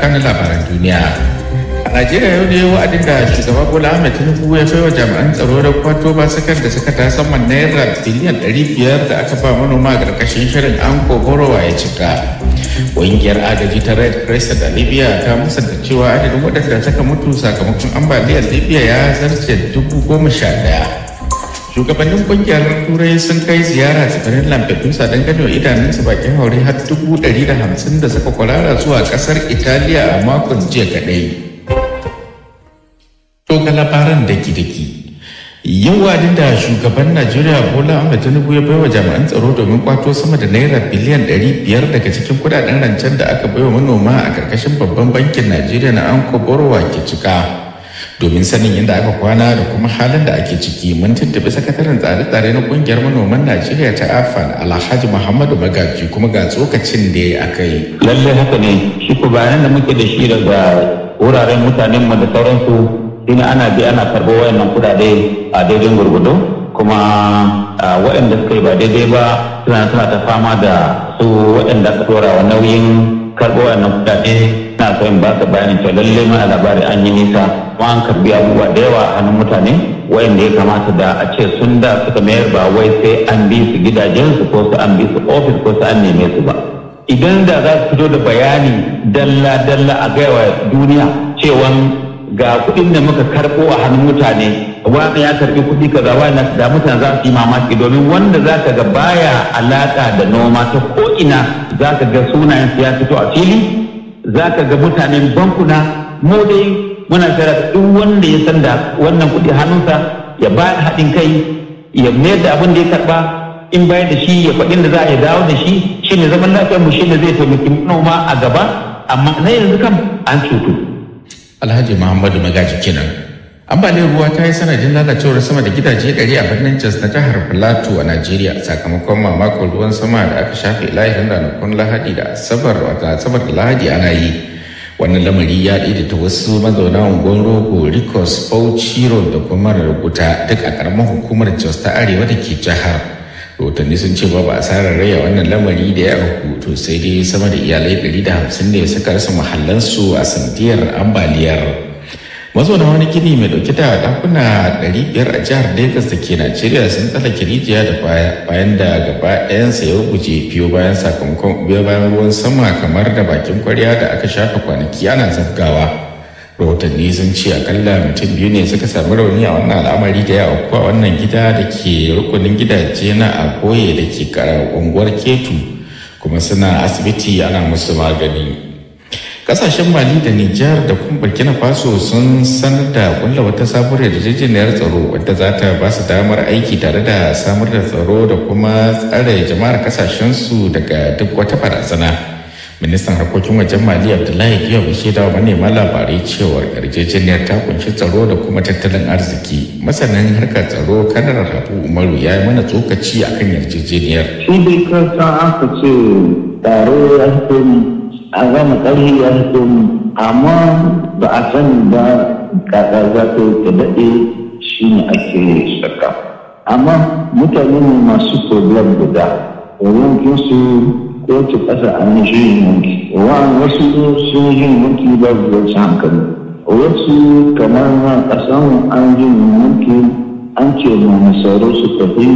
kanin labaran duniya. A Najeriya yau ne wa da shugaba Bola Ahmed Tinubu ya wa jami'an tsaro da kwato ba basakar da suka ta saman naira biliyan ɗari biyar da aka ba manoma a ƙarƙashin shirin Anko kogorowa ya cika. Ƙungiyar agaji ta Red Crescent a Libya ta musanta cewa adadin waɗanda suka mutu sakamakon ambaliyar Libya ya zarce dubu goma sha ɗaya. shugabannin kungiyar turai sun kai ziyara tsibirin lampedusa don gano idanunsu bakin haure har dubu ɗari da hamsin da suka kwarara zuwa ƙasar italiya a makon jiya kaɗai to ga labaran daki-daki Yau, wadin da shugaban najeriya bola ahmed tinubu ya baiwa jami'an tsaro domin kwato sama da naira biliyan ɗari biyar daga cikin kudaden rancen da aka baiwa manoma a ƙarƙashin babban bankin najeriya na anko borowa ke cika domin sanin yadda aka kwana da kuma halin da ake ciki mun tuntuɓi sakataren tsare-tsare na ƙungiyar manoman najeriya ta afan alhaji muhammadu magaji kuma ga tsokacin da ya aka yi lallai haka ne shi ku bayanan da muke da shi daga wuraren mutanen mu da sauransu ne ana bi ana karɓo wayannan kuɗaɗe a daidai gurgudu kuma waɗanda suka yi ba daidai ba suna suna ta fama da su waɗanda aka ɗora wa nauyin karɓo wannan kuɗaɗe na so in baka bayanin cewa lalle ma al'abari labari an yi nisa kuma an karbi abubuwa da yawa a hannun mutane wayanda ya kamata da a ce sun da suka mayar ba wai sai an bi su gidajensu ko su an bi su ofis ko su an neme su ba idan da za su fito da bayani dalla-dalla a gaiwa duniya cewan ga kuɗin da muka karɓo a hannun mutane wanda ya karɓi kuɗi kaza wanda da mutane za su yi mamaki domin wanda za ka ga baya alaƙa da noma ta ko'ina za ka ga sunayen su ya fito a fili za ka ga mutanen bankuna mu dai muna shara duk wanda ya san da wannan kuɗi hannunsa ya ba haɗin kai ya mayar da abin da ya karɓa in bayar da shi ya faɗin da za a dawo da shi shi shine zaman lafiyar mu shine zai taimaki noma a gaba amma na yanzu kam an cutu alhaji muhammadu magaji kenan ambaliyar ruwa ta yi sanadin lalacewar sama da gidaje ɗari a birnin jos na jihar plateau a najeriya sakamakon mamakon ruwan sama da aka shafe lahirin ranakun lahadi da asabar wata asabar da lahadi ana yi wannan lamari ya ɗi da wasu mazauna unguwar rogo ricos bauchi da kuma rukuta, duk a ƙaramin hukumar jos ta arewa da ke jihar rahotanni sun ce babu asarar raya wannan lamari da ya auku sai dai sama da iyalai ɗari da 150 ne suka rasa mahallansu a sanadiyar ambaliyar mazauna wani gini mai dauke da dakuna 500 a jihar lagos da ke najeriya sun tsallake rijiya da bayan da gaba ɗayansa ya ruguje biyu bayan sakamakon bayan ruwan sama kamar da bakin kwarya da aka shafa kwanaki ana zabgawa rahotanni sun ce akalla mutum biyu ne suka sami rauni a wannan al'amari da ya a wannan gida da ke rukunin gidaje na a agoye da ke unguwar ketu kuma suna asibiti ana musu magani kasashen mali da nijar da kuma burkina faso sun sanar da kulla wata sabuwar yarjejeniyar tsaro wadda za ta ba su damar aiki tare da samar da tsaro da kuma tsare jama'ar kasashensu daga duk wata barazana. ministan harkokin wajen mali abdullahi giyo bai shaida wa manema labarai cewa yarjejeniyar ta kunshi tsaro da kuma tattalin arziki masanin harkar tsaro kanar habu umaru ya yi mana tsokaci akan yarjejeniyar shi dai kasa aka ce tsaro ya fito a gama ƙarfi ya fito amma ba a sani ba kaka za ta ta daɗe shi ne ake shaka amma mutane ne masu problem guda yankin su kowace ƙasa an yi shirin yanki Wa wasu sun yi yanki ba su hankali wasu kamar na ƙasan an yi yanki an ce ma nasaru su tafi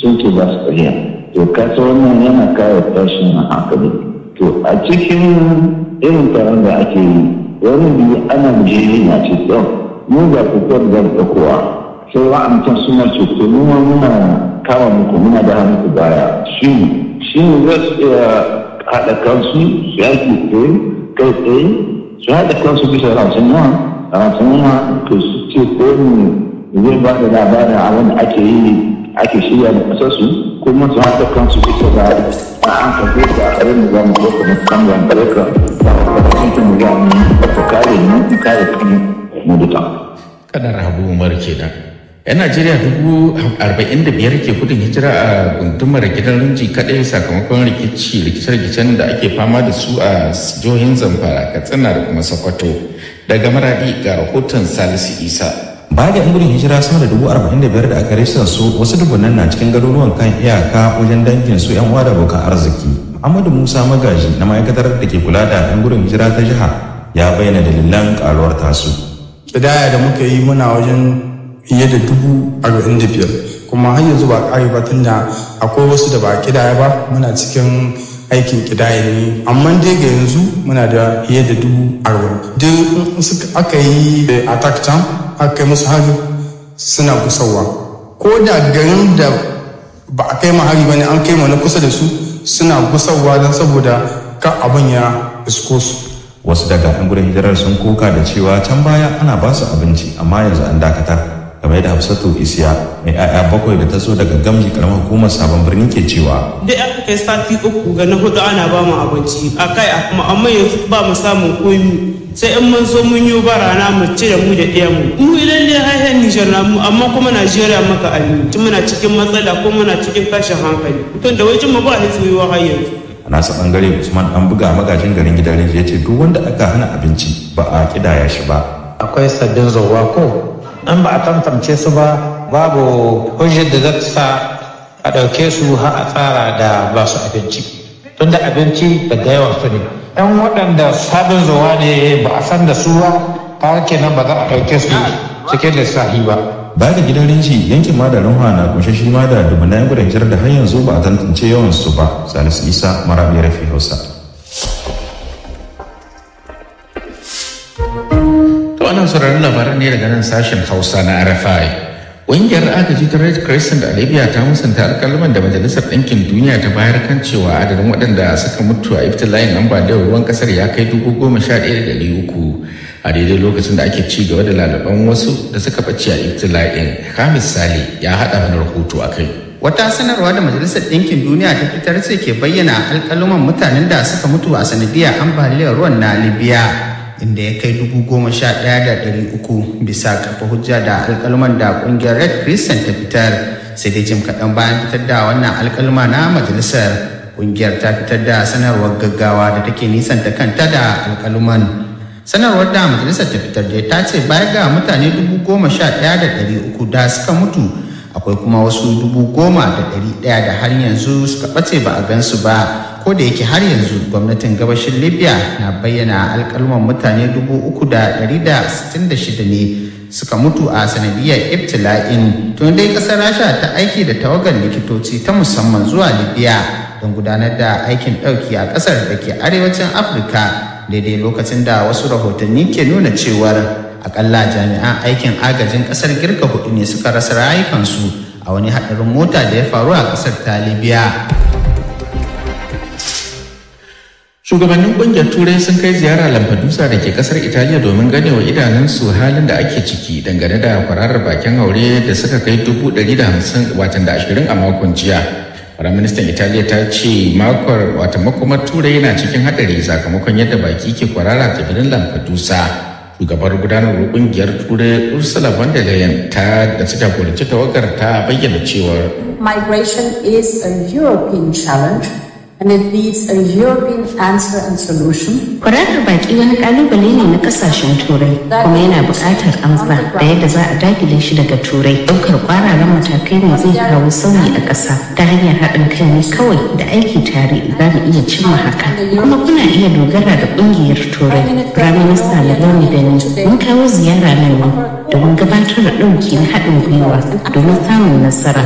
sun ce ba su tafiya to kasa wannan yana kawo tashin hankali to a cikin irin taron da ake yi wani biyu ana jiri na ce yau mu ga fitar da kowa sai wa'amcan suna ce to mu muna kawo muku muna da hannu baya shi ne shin za su iya haɗa kansu su yaƙi tsaye kai tsaye su haɗa kansu bisa rancen yawa rancen yawa to su ce ko ne zai ba da labarin abin da ake yi ake shirya da su kuma su haɗa kansu bisa ga a an kafe da abin da za mu ɗauka na samun ɗauka da kwanakin da za mu kare ta kare kan mu ta. Kanar Habu Umar kenan. 'yan najeriya dubu arba'in da biyar ke gudun hijira a gundumar gidan rinji kadai sakamakon rikici rikice-rikicen da ake fama da su a jihohin zamfara katsina da kuma sokoto daga maradi ga rahoton salisu isa baya ga hijira sama da dubu arba'in da biyar da aka rasa su wasu dubunan na cikin garuruwan kan iyaka wajen dangin su 'yan uwa da abokan arziki amadu musa magaji na ma'aikatar da ke kula da 'yan gudun hijira ta jiha ya bayyana dalilan karuwar tasu kidaya da muka yi muna wajen fiye da dubu arba'in da biyar kuma har yanzu ba ƙari ba tunda akwai wasu da ba ƙidaya ba muna cikin aikin ƙidaya ne amma dai ga yanzu muna da fiye da dubu arba'in duk aka yi attack can aka yi musu hari suna kusawa ko da garin da ba a kai ma hari ba ne an kai ma na kusa da su suna kusawa don saboda ka abin ya isko su wasu daga 'yan gudun hijirar sun koka da cewa can baya ana ba su abinci amma yanzu an dakatar kamar yadda hafsatu isiya mai ya'ya bakwai da ta so daga gamji karamar hukumar sabon birnin ke cewa da aka kai sati uku ga na hudu ana ba mu abinci a kai a kuma amma yanzu ba mu samun komi sai in mun so mun yi bara na mu cire mu da ɗaya mu mu idan ne haihen nijar na mu amma kuma najeriya maka tun muna cikin matsala ko muna cikin tashin hankali tun da wajen mu ba ni hitsuwa har yanzu a nasa bangare usman an buga magajin garin gidan ya ce duk wanda aka hana abinci ba a kidaya shi ba akwai sabbin zauwa ko an ba a tantance su ba babu hujjar da za ta sa a ɗauke su har a tsara da ba su abinci tun da abinci daga su ne ɗan waɗanda sabon zuwa ne ba a san da su ba ta rike nan ba za a ɗauke su cikin lissafi ba ba da gidan rinji yankin ma da runwa na kunshe shi ma da dubunan jirar da har yanzu ba a tantance yawan su ba salisu isa marabi rafi hausa ana sauraron labaran ne daga nan sashen Hausa na RFI. Ƙungiyar agaji ta Red Crescent a Libya ta musanta alƙalman da Majalisar Ɗinkin Duniya ta bayar kan cewa adadin waɗanda suka mutu a iftila'in ambaliyar ruwan ƙasar ya kai dubu goma sha ɗaya da ɗari uku a daidai lokacin da ake ci gaba da lalaban wasu da suka ɓace a iftila'in. Hamis Sale ya haɗa mana rahoto a kai. Wata sanarwa da Majalisar Ɗinkin Duniya ta fitar ce ke bayyana alƙaluman mutanen da suka mutu a sanadiyar ambaliyar ruwan na Libya. inda ya kai dubu goma sha ɗaya da ɗari uku bisa kafa hujja da alkalman da ƙungiyar red crescent ta fitar sai dai jim kaɗan bayan fitar da wannan alkalma na majalisar ƙungiyar ta fitar da sanarwar gaggawa da take ta kanta da alkalman sanarwar da majalisar ta fitar da ta ce baya ga mutane dubu goma sha ɗaya da ɗari uku da suka mutu akwai kuma wasu dubu goma da ɗari ɗaya da har yanzu suka ɓace ba a gansu ba ko da yake har yanzu gwamnatin gabashin libya na bayyana alkalman mutane shida ne suka mutu a sanadiyar ibtila'in tun dai kasar rasha ta aiki da tawagar likitoci ta musamman zuwa libya don gudanar da aikin ɗauki a ƙasar da ke arewacin afirka daidai lokacin da wasu rahotanni ke nuna cewar akalla jami'an aikin agajin kasar girka hudu ne suka rasa rayukansu a wani haɗarin mota da ya faru a kasar ta libya shugabannin kungiyar turai sun kai ziyara lampedusa da ke kasar italiya domin ganewa idanunsu halin da ake ciki dangane da kwararar bakin aure da suka kai dubu ɗari da hamsin watan da ashirin a makon jiya Firaministan Italiya ta ce makon wata makomar turai yana cikin hadari sakamakon yadda baki ke kwarara ta birnin Lampedusa. shugabar gudanarwar kungiyar turai ursula von der leyen ta da ta jagoranci tawagar ta bayyana cewa migration is a european challenge and it needs a European answer and solution. Kwararar baki wani kalubale ne na kasashen turai kuma yana buƙatar amsa da yadda za a dakile shi daga turai ɗaukar kwararan matakai ne zai kawo sauyi a ƙasa ta hanyar haɗin kai ne kawai da aiki tare za mu iya cimma haka kuma kuna iya dogara da ƙungiyar turai firaminista Minister da ni mun kawo ziyara nan domin gabatar da ɗauki na haɗin gwiwa domin samun nasara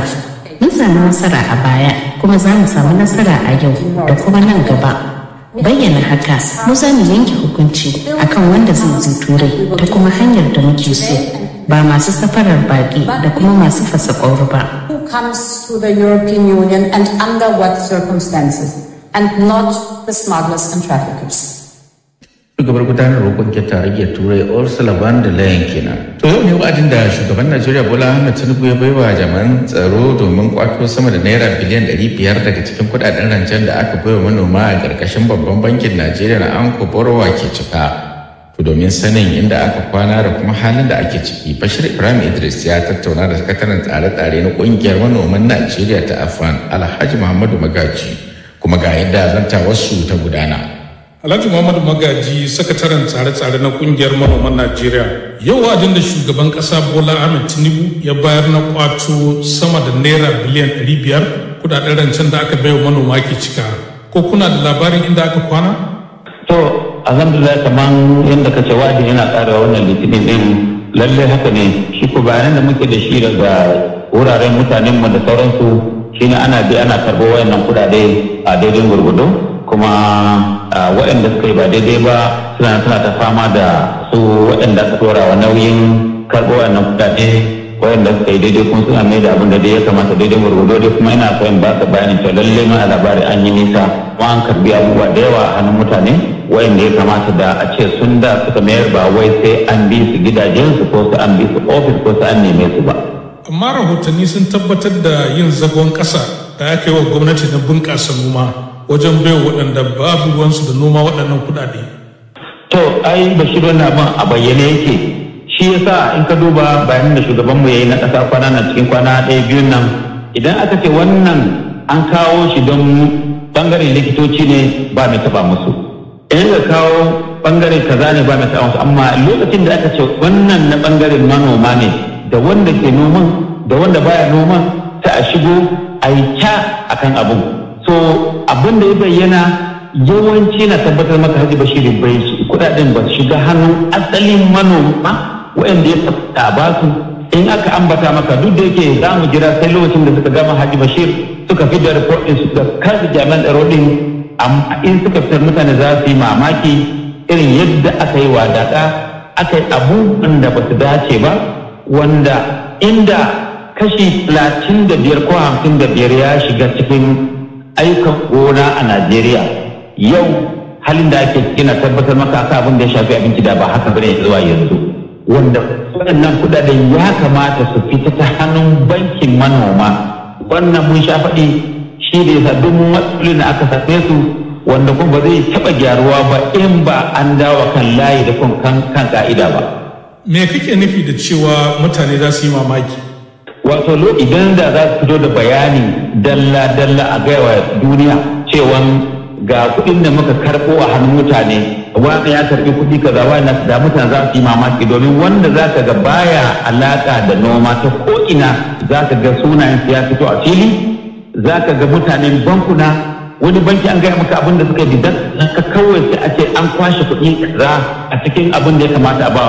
mun samu nasara a baya kuma za mu samu nasara a yau da kuma nan gaba bayyana haka mu zamu yanke hukunci akan wanda zai je turai ta kuma hanyar da muke so ba masu safarar baƙi da kuma masu fasa ƙwauri ba. comes to the European Union and under what circumstances and not the smugglers and traffickers. shugabar gudanarwar kungiyar tarayyar turai ursula von der leyen kenan to yau ne wa'adin da shugaban najeriya bola ahmed tinubu ya baiwa jama'an tsaro domin kwato sama da naira biliyan ɗari biyar daga cikin kuɗaɗen rancen da aka bai wa manoma a karkashin babban bankin najeriya na anko borowa ke cika to domin sanin inda aka kwana da kuma halin da ake ciki bashir ibrahim idris ya tattauna da sakataren tsare-tsare na kungiyar manoman najeriya ta afan alhaji muhammadu magaji kuma ga yadda zanta wasu ta gudana Alhaji Muhammadu Magaji, sakataren tsare-tsare na kungiyar manoman Najeriya, yau wajen da shugaban kasa Bola Ahmed Tinubu ya bayar na kwato sama da naira biliyan 500 kudaden rancen da aka baiwa manoma ke cika. Ko kuna da labarin inda aka kwana? To, alhamdulillah kaman yadda ka ce wa'adin yana ƙara wannan litinin din lallai haka ne shi ko bayanan da muke da shi daga wuraren mutanenmu da sauransu shine ana bi ana karɓo wayannan kudade a daidai gurgudu kuma ah, waɗanda suka yi ba daidai ba suna suna ta fama da su waɗanda suka dora wa nauyin karɓo wannan kuɗaɗe waɗanda suka yi daidai kuma suna mai da abin da dai ya kamata daidai murgudo dai kuma ina so in ba ka bayanin cewa lallai ma labari an yi nisa kuma an karbi abubuwa da yawa a hannun mutane waɗanda ya kamata da a ce sun da suka mayar ba wai sai an bi su gidajensu ko su an bi su ofis ko su an neme su ba. amma rahotanni sun tabbatar da yin zagon ƙasa da aka yi wa gwamnati na bunƙasa noma wajen bai waɗanda babu ruwansu da noma waɗannan kuɗaɗe. To ai shi don abin a bayyane yake shi yasa in ka duba bayanin da shugabanmu ya yi na ƙasa kwana na cikin kwana ɗaya biyun nan idan aka ce wannan an kawo shi don ɓangaren likitoci ne ba mai taɓa musu. In ka kawo ɓangaren kaza ne ba mai taɓa musu amma lokacin da aka ce wannan na ɓangaren manoma ne da wanda ke noman da wanda baya noman ta a shigo a yi ca akan abin to abin da ya bayyana yawanci na tabbatar maka haji bashirin bai su kudaden ba shiga hannun asalin manoma waɗanda ya tabbata ba su in aka ambata maka duk da yake za mu jira sai lokacin da suka gama haji bashir suka fi da rikodin su da kansu jami'an tsaro din amma in suka fitar mutane za su yi mamaki irin yadda aka yi wadata aka yi abubuwan da ba su dace ba wanda inda kashi talatin da biyar ko hamsin da biyar ya shiga cikin ayyukan gona a Najeriya yau halin da ake kina tabbatar maka aka abin da ya shafi abinci da ba haka bane zuwa yanzu wanda waɗannan kudaden ya kamata su fita ta hannun bankin manoma wannan mun sha faɗi shi ne sabbin matsalolin da aka same su wanda kuma ba zai taɓa gyaruwa ba in ba an dawo kan layi da kan ka'ida ba. Me kake nufi da cewa mutane za su yi mamaki? wato lo idan da za su fito da bayani dalla dalla a gaiwa duniya cewa ga kuɗin da muka karɓo a hannun mutane wani ya karɓi kuɗi za wani da mutane za su yi mamaki domin wanda za ka ga baya alaƙa da noma ta ko'ina za ka ga sunayen ya fito a fili za ka ga mutane bankuna wani banki an gaya maka abin da suka yi didan ka kawai sai a ce an kwashe kuɗi ra a cikin abin da ya kamata a ba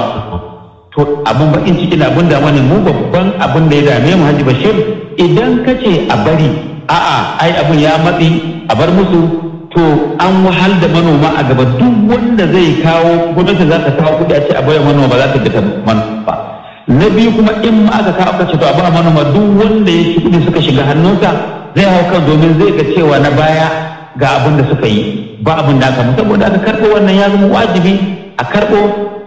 to abin bakin ciki da abin damar ne mu babban abin da ya dame mu Haji Bashir idan ka ce a bari a'a ai abin ya matsi a bar musu to an wahal da manoma a gaba duk wanda zai kawo gwamnati za ta kawo kuɗi a ce a manoma ba za ta dita manoma na biyu kuma in ma aka kawo kace to a ba manoma duk wanda ya ci suka shiga hannunka zai hau kan domin zai ga cewa na baya ga abin da suka yi ba abin da aka saboda aka karɓo wannan ya zama wajibi a karɓo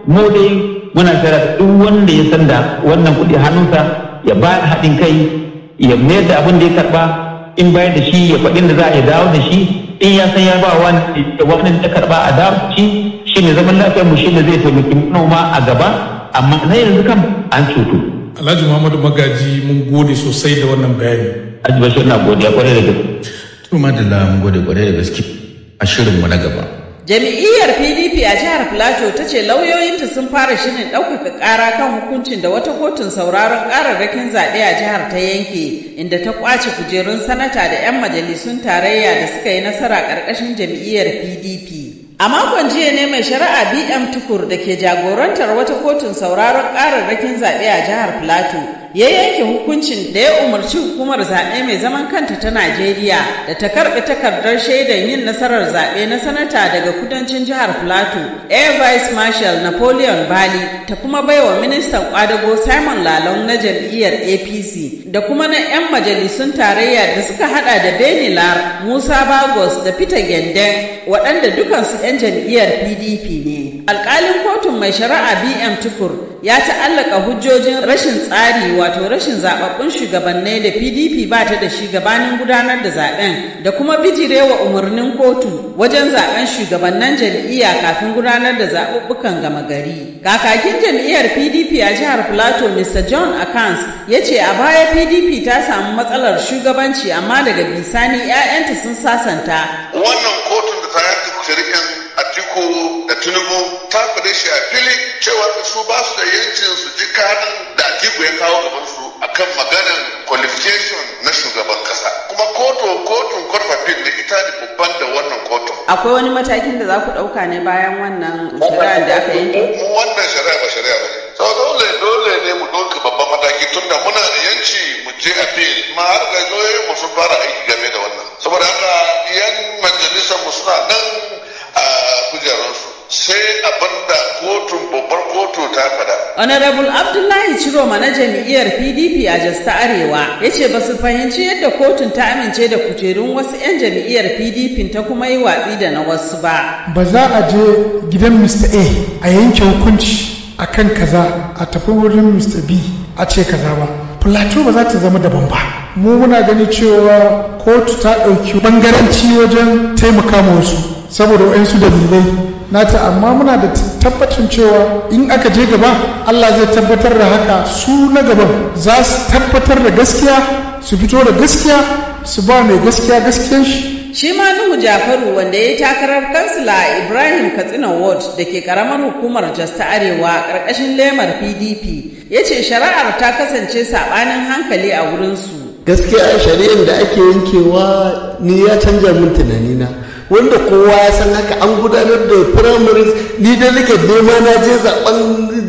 mu dai muna shara duk wanda ya sanda wannan kuɗi hannunsa ya ba haɗin kai ya mayar da abin da ya karba in bayar da shi ya faɗin da za a yi dawo da shi in ya san ya ba wani da karɓa a dawo shi shi ne zaman lafiyar mu shi ne zai taimaki manoma a gaba amma na yanzu kam an cutu. Alhaji Muhammadu Magaji mun gode sosai da wannan bayani. Alhaji Bashir na godiya kwarai da gaske. Tuma da mun gode kwarai da gaske a shirinmu na gaba. Jami'iyyar PDP a jihar plateau ta ce lauyoyinta sun fara shirin ɗaukaka ƙara kan hukuncin da wata kotun sauraron ƙararrakin zaɓe a jihar ta yanke inda ta ƙwace kujerun sanata da 'yan majalisun tarayya da suka yi nasara ƙarƙashin jami'iyyar PDP. A makon jiya ne mai shari'a BM Tukur da ke jagorantar wata kotun sauraron ƙararrakin zaɓe a jihar plateau ya yanke hukuncin da ya umarci hukumar zaɓe mai zaman kanta ta Najeriya da ta karɓi takardar shaidar yin nasarar zaɓe na sanata daga kudancin jihar Plateau, Air Vice Marshal Napoleon Bali ta kuma baiwa ministan kwadago Simon Lalong na jam'iyyar APC da kuma na 'yan majalisun tarayya da suka hada da Benilar, Musa Bagos da Peter Gende waɗanda dukansu 'yan jam'iyyar PDP ne. alƙalin kotun mai shari'a bm tukur ya ta'allaka hujjojin rashin tsari wato rashin zaɓaɓɓun shugabannin da pdp ba ta da shi gabanin gudanar da zaɓen da kuma bijirewa umarnin kotu wajen zaɓen shugabannin jam'iyya kafin gudanar da zaɓuɓɓukan gama gari kakakin jam'iyyar pdp a jihar plateau mr john akans ya ce a baya pdp ta samu matsalar shugabanci amma daga bisani 'ya'yanta sun sasanta wannan da shi a fili cewa su ba su da yancin su ji kanin da atiku ya kawo gaban su a kan maganar qualification na shugaban kasa kuma kotu kotun korfafin da ita da babban da wannan kotun akwai wani matakin da za ku ɗauka ne bayan wannan shari'a da aka yanke wannan shari'a ba shari'a ba so dole dole ne mu doka babban mataki da muna da yanci mu je a fil ma har ga zo mu sun fara aiki game da wannan saboda haka yan majalisar mu suna nan a kujerarsu sai abinda kotun babbar kotu ta fada. Honorable Abdullahi Chiroma na jam'iyyar PDP a Jos ta Arewa ya ce ba su fahimci yadda kotun ta amince da kujerun wasu 'yan jam'iyyar PDP ta kuma yi watsi da na wasu ba. Ba za a je gidan Mr. A a yanke hukunci a kan kaza a tafi wurin Mr. B a ce kaza ba. Plateau ba za ta zama daban ba. Mu muna gani cewa kotu ta ɗauki bangaranci wajen taimaka wasu saboda waɗansu dalilai na ce amma muna da tabbacin cewa in aka je gaba Allah zai tabbatar da haka su na gaban za su tabbatar da gaskiya su fito da gaskiya su ba mai gaskiya gaskiyan shi shi ma nuhu jafaru wanda ya yi takarar kansila ibrahim katsina ward da ke karamar hukumar Jasta arewa karkashin lemar pdp ya ce shari'ar ta kasance saɓanin hankali a wurinsu gaskiya shari'ar da ake yankewa ni ya canja min tunanina wanda kowa ya san haka an gudanar da primaries ni delegate ne ma na je zaben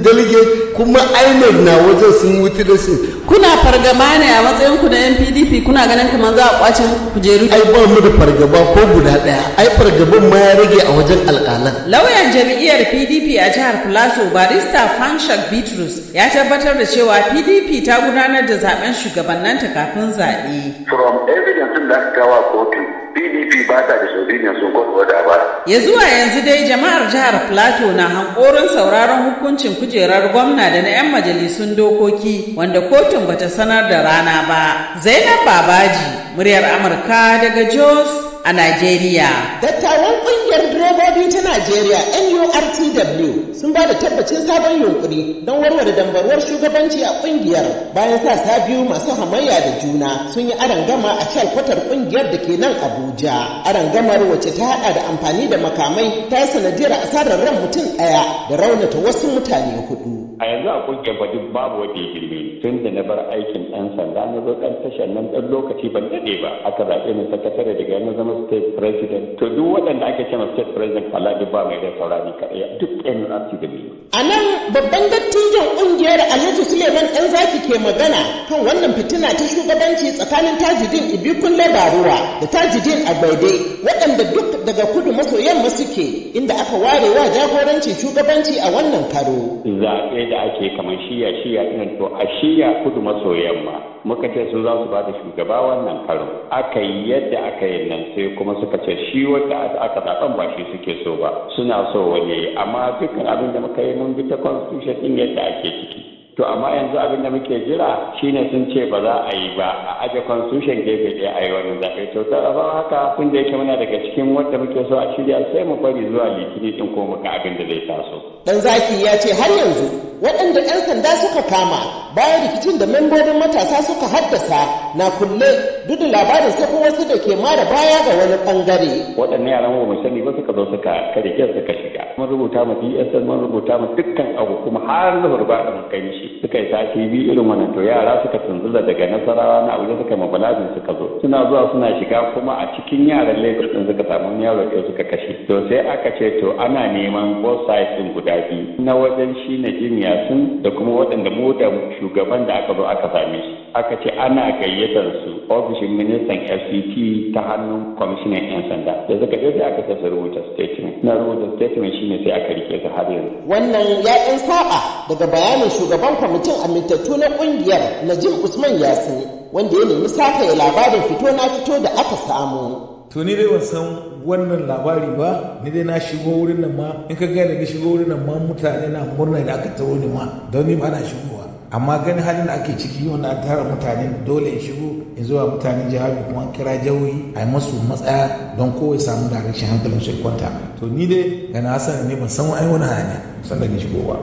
delegate kuma inec na wajen sun wuce da su kuna fargaba ne a matsayin ku na yan pdp kuna ganin kamar za a kwacin kujeru ai ba mu da fargaba ko guda daya ai fargaban ma ya rage a wajen alkalan lauyan jam'iyyar pdp a jihar plateau barista fanshak bitrus ya tabbatar da cewa pdp ta gudanar da zaben shugabannanta kafin zaɓe from evidence da aka kawo kotu pdp ba ta da sun kwakwa da ba ya zuwa yanzu dai jama'ar jihar plateau na hankorin sauraron hukuncin kujerar gwamna da na 'yan majalisun dokoki wanda kotun bata sanar da rana ba zainab babaji muryar amurka daga jos a Najeriya. Dattawan ƙungiyar direbobi ta Najeriya NURTW sun ba da tabbacin sabon yunkuri don warware dambarwar shugabanci a ƙungiyar bayan sa, biyu masu hamayya da juna sun yi arangama a shalkwatar ƙungiyar da ke nan Abuja. Arangamar wacce ta haɗa da amfani da makamai ta sanadiyar asarar ran mutum ɗaya da raunata wasu mutane hudu. a yanzu a kungiyar babu wanda ya girme tun da na bar aikin ɗan sanda na zo ɗan tashar nan ɗan lokaci ban daɗe ba aka zaɓe ni sakatare daga yanzu zama state president to duk waɗanda ake ce ma state president kwallo duk ba mai da saurari kaɗai duk NRC da biyu. A nan babban dattijan ƙungiyar Alhaji Suleiman ɗan zaki ke magana kan wannan fitina ta shugabanci tsakanin Tajidin Ibikun Labaruwa da Tajidin Agbaide waɗanda duk daga kudu maso yamma suke inda aka ware wa jagoranci shugabanci a wannan karo. Zaɓe da ake kamar shiya shiya ɗin to a shiya kudu maso yamma muka ce su za su ba da shugaba wannan karo aka yi yadda aka yi nan sai kuma suka ce shi wanda aka zaɓen ba shi suke so ba suna so wani amma dukkan abin da muka yi mun bi ta constitution ɗin yadda ake ciki. to amma yanzu abin da muke jira shine sun ce ba za a yi ba a aje constitution gefe ɗaya a yi wani zaɓe to ta haka kun da yake muna daga cikin wanda muke so a shirya sai mu bari zuwa litinin din ko muka abin da zai taso dan zaki ya ce har yanzu waɗanda 'yan sanda suka kama bayan rikicin da membobin matasa suka haddasa na kulle duk da labarin sako wasu da ke mara baya ga wani bangare waɗannan yaran ba mu sani ba suka zo suka kare suka shiga mun rubuta mu DSS mun rubuta mu dukkan abu kuma har zuwa ba da mun kai suka yi sati biyu irin wannan to yara suka tunzula daga nasarawa na abuja suka mabalazin suka zo suna zuwa suna shiga kuma a cikin yaran lagos din suka samu yaro ɗaya suka kashe to sai aka ce to ana neman both sides din guda biyu na wajen shi na jimiya sun da kuma waɗanda da shugaban da aka zo aka same shi aka ce ana gayyatar su ofishin ministan fct ta hannun kwamishinan yan sanda da suka je aka su rubuta statement na rubuta statement shine sai aka rike su har yanzu wannan ya ɗan saba daga bayanin shugaban shugaban kwamitin amintattu na kungiyar najim usman yasin wanda ya nemi ya labarin fito na fito da aka samu to ni dai ban san wannan labari ba ni dai na shigo wurin nan ma in ka gane na shigo wurin nan ma mutane na murna da aka taro ni ma don ni ba na shigowa amma gani halin da ake ciki wanda an tara mutane dole in shigo in zuwa mutanen jihar kuma kira jawoyi a yi masu matsaya don kowai samu da rashin hankalin shi kwanta to ni dai ga na ne ban san wani wani hayaniya san da ni shigowa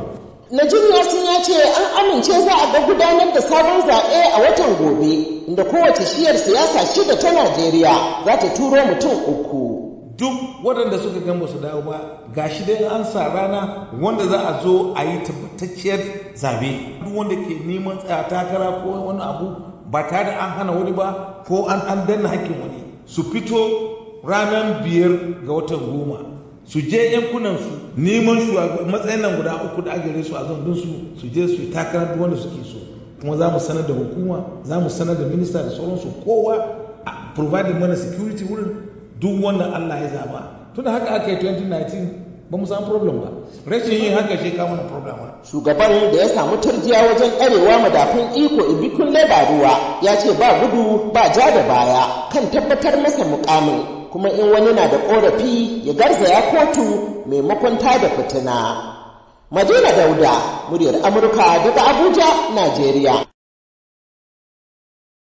najeriya Yasin ya ce an amince za a ga gudanar da sabon zaɓe a watan gobe inda kowace shiyar siyasa shida ta Najeriya za ta turo mutum uku. Duk waɗanda suka gan su dawo ba ga shi dai an sa rana wanda za a zo a yi tabbatacciyar zaɓe. Duk wanda ke neman tsaya takara ko wani abu ba tare da an hana wani ba ko an danna hakkin wani su fito ranar biyar ga watan goma su je yankunan su neman matsayin nan guda uku da agare su a zandun su su je su takarar duk wanda suke so kuma za mu sanar da hukuma za mu sanar da minista da sauransu kowa a providing mana security wurin duk wanda Allah ya zaba tun haka aka yi 2019 ba mu samu problem ba rashin yin haka shi kama na problem ba shugaban da ya samu turjiya wajen arewa madafin iko ibikun labaruwa, ruwa ya ce ba gudu ba ja da baya kan tabbatar masa mukamin kuma in wani na da ƙorafi ya garzaya kotu maimakon ta da fitina. Madina Dauda, muryar Amurka daga Abuja, Najeriya.